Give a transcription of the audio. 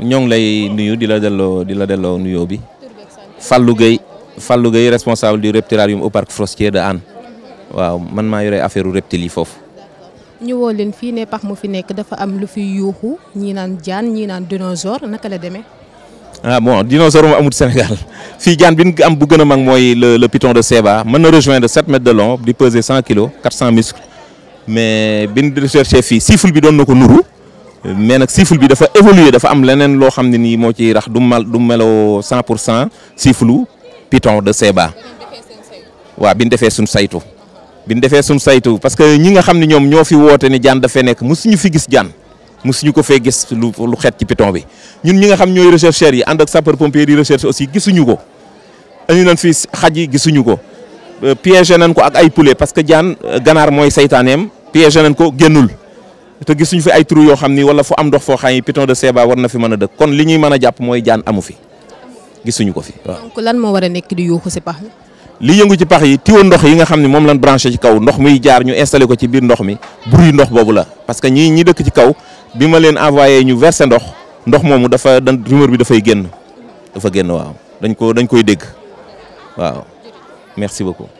ñoo ngi lay nuyu di la delloo di la delloo nuyoo bi Fallou Gueye Fallou Gueye responsable du reptilarium au parc forestier de Hann waaw man maa yore affaire reptile yi foofu. ñu leen fii ne pax mu fi nekk dafa am lu fi yuuxu ñi naan jaan ñii naan dinosaure naka la demee. ah bon dinosaure mu amut Sénégal fii jaan bi ñu am bu gën a mag mooy le le python de Seba mën na rejoindre 7 mètres de long di peser 100 kilos 400 mais bi ñu recherché fii siiful bi doon na ko nuru. mais nag siiful bi dafa évoluer dafa am leneen loo xam ne nii moo ciy rax du mal du meloo cent pour cent siifulu Python de Seba waa bi ñu defee suñ saytu bi defee suñ saytu parce que ñi nga xam ne ñoom ñoo fi woote ni jaan dafee nekk mosuñu fi gis jaan mosuñu ko fee gis lu lu xeet ci piton bi ñun ñi nga xam ñooy rechercheurs yi ànd ak sapeur pompier di recherche aussi gisuñu ko indi nañ fi xaj yi gisuñu ko euh, piégé nañ ko ak ay poulet parce que jaan ganaar mooy saytaaneem piégé nañ ko génnul. te gisuñu fi ay trou yoo xam ni wala fu am ndox foo xam ni piton de Seba war na fi mën a dëkk kon li ñuy mën a jàpp mooy jaan amu fi gisuñu ko fi lan moo war a nekk di yuuxu li yëngu ci pax yi tiwo ndox yi nga xam ne moom lañ branché ci kaw ndox muy jaar ñu installé ko ci biir ndox mi bruit ndox boobu la parce que ñii ñi dëkk ci kaw bi ma leen envoyé ñu versé ndox ndox moomu dafa dan rumeur bi dafay génn dafa génn waaw dañ ko dañ koy dégg waaw merci beaucoup